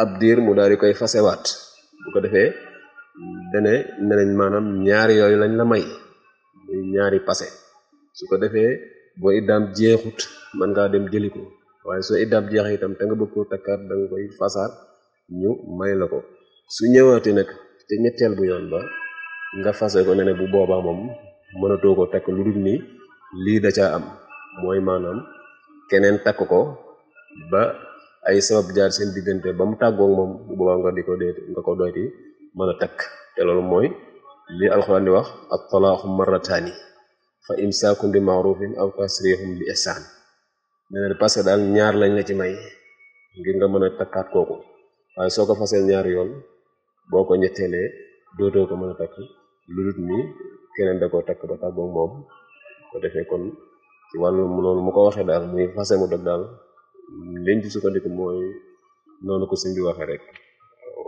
ab diir mu daal di koy fasewaat bu ko defee dene ne maanaam ñaari yooyu lañ la may muy ñaari pase su ko defee boo iddaam jeexut mën ngaa dem jëli ko waaye soo iddaam yi itam te nga bëgg koo takkaat da nga koy fasaat ñu may la ko su ñëwaatee nag te ñetteel bu yoon ba nga fase ko ne ne bu boobaa moom mënatoo ko takk lu dul nii lii da caa am mooy maanaam keneen takk ko ba ay sabab jaar seen diggante ba mu tàggoog moom bu nga di ko dee nga ko doyti mën a takk te loolu mooy li alxuraan di wax at talaaxu marrataani fa imsaakum bi maarufin aw tasrihum bi ihsaan nee parce que daal ñaar lañ la ci may ngir nga mën a takkaat kooku waaye soo ko fasee ñaar yoon boo ko ñetteelee dootoo ko mën a takk lu dut ni keneen da ko takk ba tàggoog moom ko defee kon ci wàllu noonu mu ko waxee daal muy fase mu dog daal liñ ci sukkandiku mooy noonu ko sëñ bi waxee rek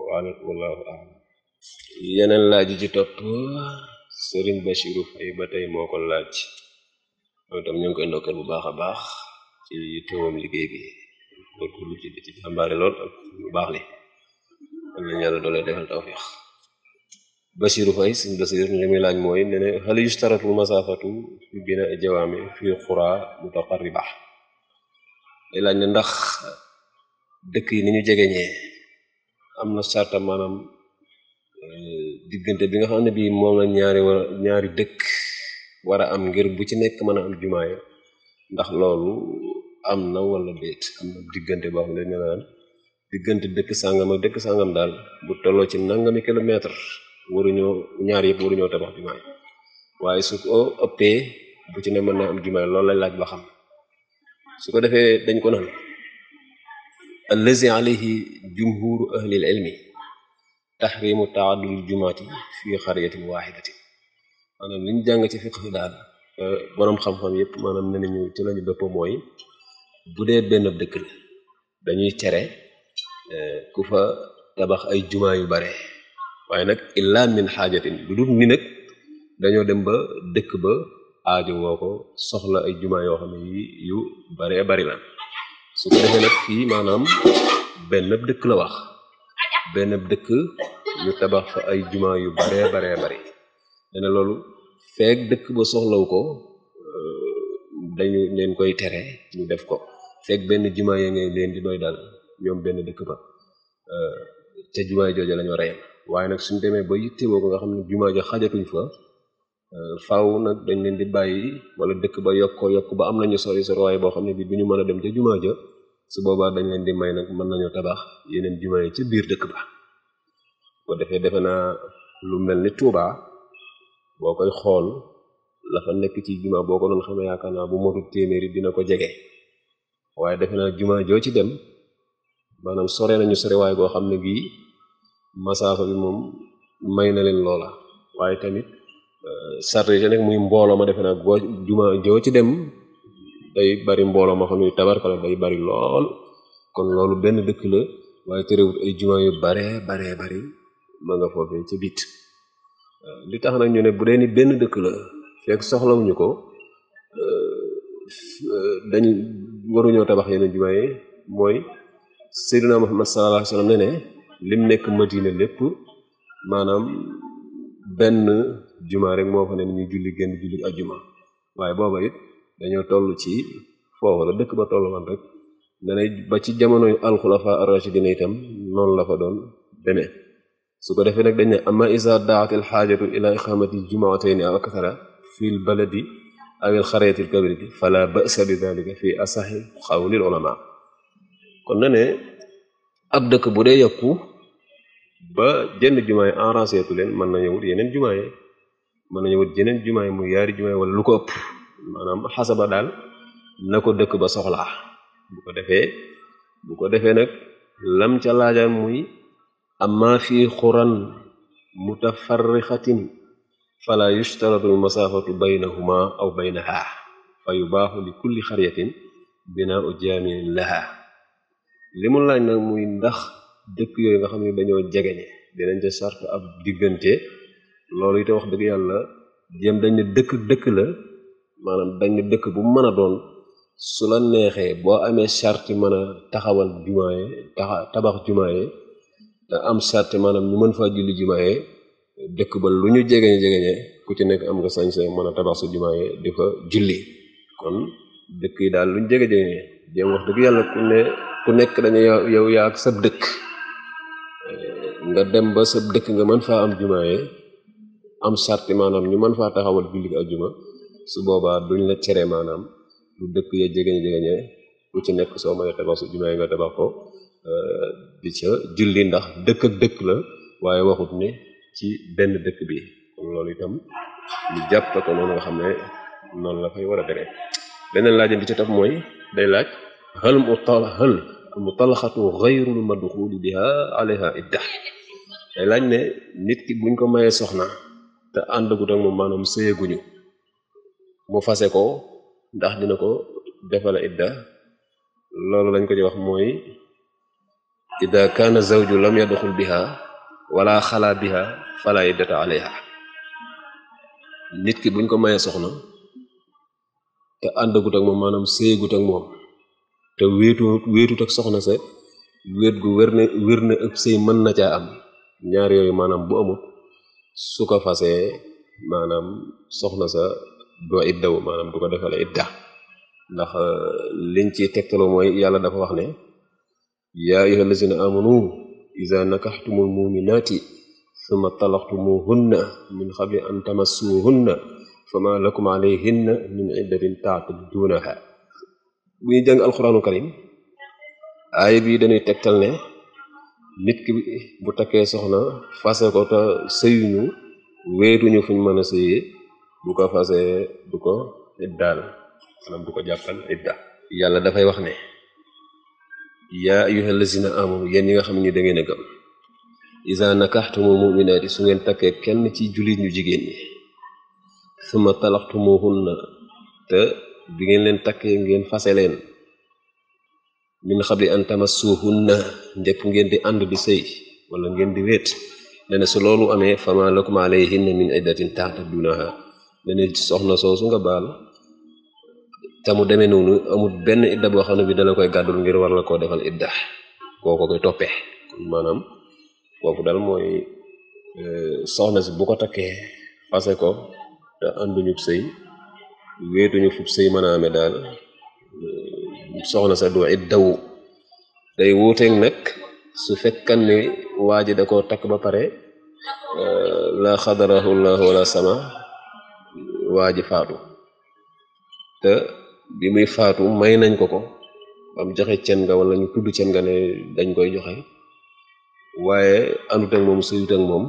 wala wallahu yeneen laaj ji ci topp Serigne Bachiru Faye ba tey moo ko laaj moom itam ñu ngi koy ndokkeel bu baax a baax ci teewam liggéey bi ci ci jàmbaare lool ak baax li am na ñaar doole defal tawfiq Basiru Fay sëñ Basiru li muy laaj mooy ne ne hal yustaratu masaafatu fi bina jawaami fi qura mutaqarriba day laaj ne ndax dëkk yi ni ñu jegeñee am na sarta maanaam eh, diggante bi nga xam ne bii moom la ñaari war ñaari dëkk war a am ngir bu ci nekk mën a am ndax loolu am na wala déet am na diggante boo xam ne naan dëkk sàngam ak dëkk sàngam daal bu tolloo ci nangami kilomètre waruñoo ñaar yëpp waruñoo tabax jumaa yi waaye su ko ëppee bu ci ne mën naa am jumaa loolu lay laaj ba xam su ko defee dañ ko naan allazi alayhi jumhuru ahlil ilmi tahrimu taadul jumaati fi xariyatin ñu jàng ci fiqh daal boroom xam-xam yëpp maanaam ne ñu ci lañu dëpp mooy bu dee benn dëkk la dañuy tere eh, ku fa tabax ay jumaa yu bare waaye nag illa min xaajatin lu dul ni nag dañoo dem ba dëkk ba aajo woo ko soxla ay jumaa yoo xam ne yi yu baree bari la su ko defee nag fii maanaam benn dëkk la wax benn dëkk ñu tabax fa ay jumaa yu baree baree bari dana loolu feek dëkk ba soxlaw ko euh, dañu leen koy tere ñu def ko feek benn jumaa ya ngay leen di doy daal ñoom benn dëkk ba euh, te jumaa jooja la ñu reyam waaye nag suñ demee ba yittewoo ko nga xam ne jumaa ja xajatuñ fa euh, faaw nag dañ leen di bàyyi wala dëkk ba yokk ko yokk ba am nañu sori sori boo xam ne bi duñu mën a dem ca jumaa su boobaa dañ leen di may nag mën nañoo tabax yeneen jumaa yi ca biir dëkk ba ko defee defe naa lu mel ni Tuubaa boo koy xool la nekk ci boo ko doon xamee yaakaar bu motul téeméeri dina ko jege waaye defe naa joo ci dem maanaam nañu sore boo xam ne gii masaafa bi moom may na leen loola waaye tamit euh, sarre ca nekk muy mbooloo ma defe naa boo juma joo ci dem day bari mbooloo ma xam ne tabarkala day bari lool kon loolu benn dëkk la waaye terewut ay juma yu bare bare bari ma nga foofee ci biit euh, li tax nag ñu ne bu dee ni benn dëkk la fekk soxlawuñu ko euh, dañu waruñoo tabax yeneen juma yi mooy Seydina Muhammad sallallahu alayhi wa sallam ne ne lim nekk madina lépp maanaam benn juma rek moo fa ne ñu julli génn julli ak juma waaye booba it dañoo toll ci foofu la dëkk ba toll woon rek danay ba ci jamono yu alxulafa arrachidina itam noonu la fa doon demee su ko defee nag dañ ne amma isa daat il xaajatu ila iqamati jumaatayni aw akthara fi l baladi aw il xariyati l kabirati fala ba'sa bi dalika fi asaxi xawlil ulama kon na ab dëkk bu dee yokku ba jenn jumaa yi enrancé tu leen mën nañu wut yeneen jumaa yi mën nañu wut yeneen jumaa muy yaari jumaa yi lu ko ëpp maanaam xasaba daal na ko dëkk ba soxlaa bu ko defee bu ko defee nag lam ca laajaan muy amma fi xuran mutafarrixatin fala yushtaratu almasaafatu baynahuma aw baynaha fa yubaaxu li kulli xaryatin binaa u jaamiin laha li mu laaj nag muy ndax dëkk yooyu nga xam ne dañoo jegeñe dinañ ca sart ab diggante loolu itam wax dëgg yàlla jéem dañ ne dëkk dëkk la maanaam dañ ne dëkk bu mën a doon su la neexee boo amee charte mën a taxawal jumaaye taxa tabax jumaaye te am charte maanaam ñu mën faa julli jumaaye dëkk ba lu ñu jegeñe jegeñe am nga sañ-sa mën a tabax sa di fa julli kon dëkk yi daal lu ñu jege jegeñe jéem wax dëgg yàlla ku nekk dañu yow yaa ak sa dëkk nga dem ba sa dëkk nga mën faa am jumaaye am sarti maanaam ñu mën faa taxawal julli ajjuma su boobaa duñ la cere maanaam lu dëkk ya jegeñ jegeñee ku ci nekk soo may tabax su jumaaye nga tabax ko euh, di ca julli ndax dëkk ak dëkk la waaye waxut ni ci benn dëkk bi kon loolu itam ñu jàpp ko noonu nga xam ne noonu la koy war a demee beneen laaj bi ci taf mooy day laaj hal mu tal hal mutalaxatu xayrul madxuli biha alayha idda day laaj ne nit ki buñ ko mayee soxna te àndagut ak moom maanaam sëyeguñu mu fase ko ndax dina ko defal idda loolu lañ ko di wax mooy ida kaana zawju lam yadxul biha wala xalaa biha fala iddata alayha nit ki buñ ko mayee soxna te àndagut ak moom maanaam sëyegut ak moom te wéetu wéetut ak soxna sa wéet gu wér ne wér ne ëpp sëy mën na caa am ñaar yooyu maanaam bu amut su ko fasee maanaam soxna sa doo iddawu maanaam du ko defale idda ndax euh, liñ ci tegtaloo mooy yàlla dafa wax ne yaa ayyuha lazina amanu iza nakaxtumul muminaati summa talaxtumuhunna min xabli an tamassuhunna fama lakum alayhinna min iddatin taatuddunaha bu ñuy jàng alquraanu karim aaya bii dañuy tegtal ne nit ki bu takkee soxna fase ko te sëyuñu wéetuñu fuñ mën a sëyee bu ko fasee du ko iddaal maanaam du ko jàppal idda yàlla dafay wax ne yaa ayyuhal lazina amanu yéen yi nga xam ne da ngeen a gëm iza nakaxtumu muminaati su ngeen takkee kenn ci jullit ñu jigéen ñi suma talaxtumuhunna te bi ngeen leen takkee ngeen fase leen min xabli an tamassuhunna njëpp ngeen di ànd di sëy wala ngeen di wéet ne na su loolu amee fama lakum alayhinna min iddatin ta'taddunaha ne na soxna soosu nga baal te mu demee noonu amul benn idda boo xam ne bi dala koy gàddul ngir war koo defal idda koo ko koy toppee kon kooku daal mooy euh, soxna si bu ko takkee fase ko te ànduñu sëy wéetuñu fub sëy mën amee daal soxna sa du it dawu day wuuteeg nag su fekkan ni waa ji da koo takk ba pare euh, la xadarahu llahu wala sama waa ji faatu te bi muy faatu may nañ ko ko am joxe cen nga wala ñu tudd cen nga ne dañ koy joxe waaye andut ak moom sëyut ak moom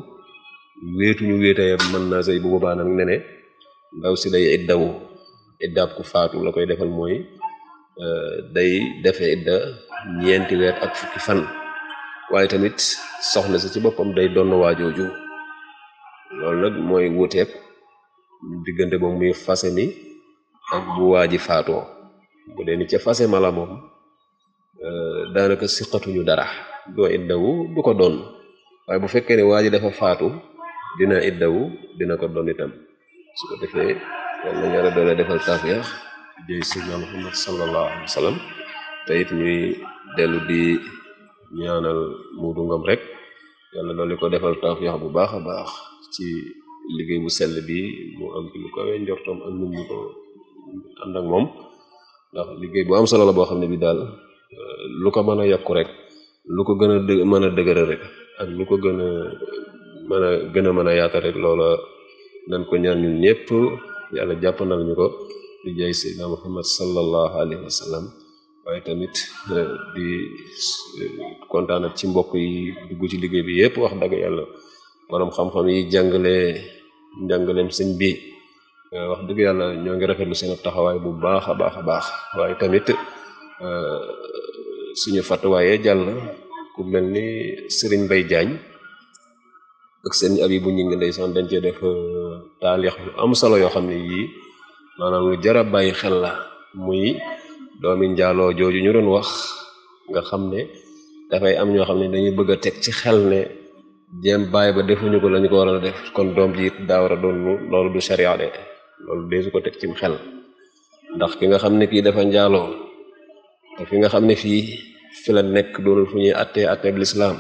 wéetuñu wéetee mën naa sëy bu boobaa nag ne ndaw si day iddawu iddaab ku faatu la koy defal mooy Euh, day defee da ñeenti weer ak fukki fan waaye tamit soxna si ci boppam day donn waajooju loolu nag mooy wuteeb diggante moom muy fase mi ak bu waaji faatoo bu dee ni ca fase mala moom moom euh, daanaka siqatuñu dara doo iddawu du ko doon waaye bu fekkee ne waa ji dafa faatu dina iddawu dina ko doon itam su ko defee yàlla yàlla doole defal taafiya jëy seydina muhammad sallallahu alayhi wa sallam te di ñaanal muudu ngom rek yàlla dolli ko defal tawfiix bu baax a baax ci liggéey bu sell bi mu am lu ak ñun ñu ko moom ndax liggéey bu am solo boo xam ne bi daal euh, lu ko mën a yokku rek lu ko gën a dë mën a dëgëra rek ak lu ko gën a mën a gën a mën a yaata rek loola nañ ko ñaan ñun ñëpp yàlla jàppandal ñu ko di jaay seydina muhammad sallallahu alayhi wa waaye tamit eh, di eh, kontaan ak ci mbokk yi dugg ci liggéey bi yépp wax dagg yàlla borom xam-xam yi jàngale njàngaleem sëñ bi eh, wax dëgg yàlla ñoo ngi rafetlu seen taxawaay bu baax a baax a baax waaye tamit suñu fatwaayee jàll ku mel ni sëriñ Mbay Jaañ ak sëriñ Abibu ñu ngi ndeysaan dañ cee def taalix yu am solo yoo xam ne yii maanaam lu jara bàyyi xel la muy doomi njaaloo jooju ñu doon wax nga xam ne dafay am ñoo xam ne dañuy bëgg a teg ci xel ne jéem bàyyi ba defuñu ko lañu ko waroon a def kon doom jiit it daa war a doon loolu du sariya de loolu deesu ko teg cim xel ndax ki nga xam ne kii dafa njaaloo te fi nga xam ne fii fi la nekk doonul fu ñuy atte atteeb lislaam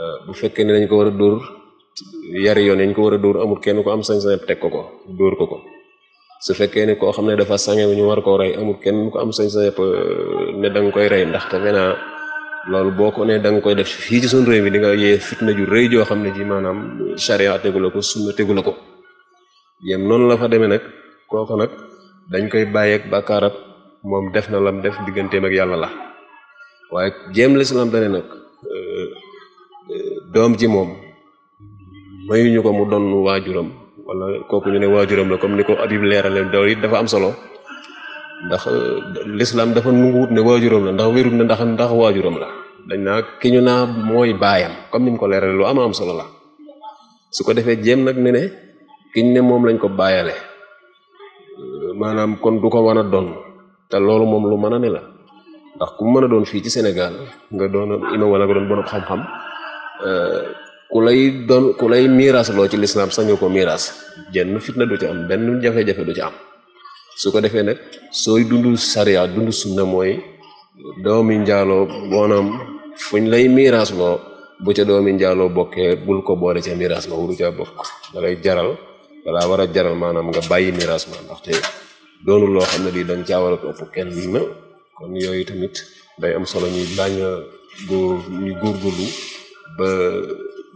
euh, bu fekkee ne dañ ko war a dóor yari yoon yañ ko war a dóor amul kenn ko am sañ-sañ teg ko ko dóor ko ko su fekkee ne koo xam ne dafa sange wu ñu war koo rey amul kenn ko am sañ-sañ euh, ne da nga koy rey ndax te maintenant loolu boo ko ne danga koy def fii ci suñu réew mi di nga yee fitna ju rëy joo xam ne ji maanaam charia tegu la ko sunna tegu la ko yem noonu la fa demee nag kooku nag dañ koy bàyyeeg bàkkaar ak moom def na lam def digganteem ak yàlla la waaye jéem lislaam dane nag euh, euh, doom ji moom mayuñu ko mu donn waajuram wala kooku ñu ne waajuram la comme ni ko Habib leerale daw it dafa am solo ndax euh, l'islam dafa nanguwut ne waajuram la ndax wérut na ndax ndax waajuram la dañ naa ki ñu naa mooy baayam comme ni ko leerale lu am am solo la su ko defee jéem nag ne ne ne moom lañ ko baayale euh, maanaam kon du ko war a doon te loolu moom lu mën a ne la ndax ku mën a doon fii ci Sénégal nga doon imam wala nga doon borom xam-xam euh, ku lay doon ku lay miiras loo ci lislaam sañu ko miiras jenn fitna du ci am benn jafe-jafe du ci am su ko defee nag sooy dund sariya dund sunna mooy doomi njaaloo boonam fuñ lay miiras loo bu ca doomi njaaloo bokkee bul ko boole ca miiras ma wuru ca bokk da jaral dalaa war a jaral maanaam nga bàyyi miiras ma ndaxte doonul loo xam ne lii dañ caa war a topp kenn na yooyu tamit day am solo ñuy bañ a ñu góorgóorlu ba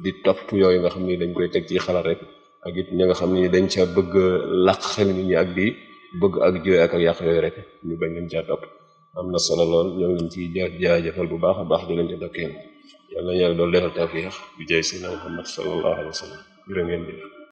di topp yooyu nga xam ni dañ koy teg ci xalaat rek ak it ña nga xam ni dañ ca bëgg làq xel nit ak di bëgg ak jooy ak yàq yooyu rek ñu bañ leen caa topp am na solo lool ñoo ngi leen ciy jaajëfal bu baax a baax di leen ca dokkeel yàlla yàlla doolu defal tawfiix bi jay sina Muhammad sallallahu alayhi wa sallam jërë ngeen jëf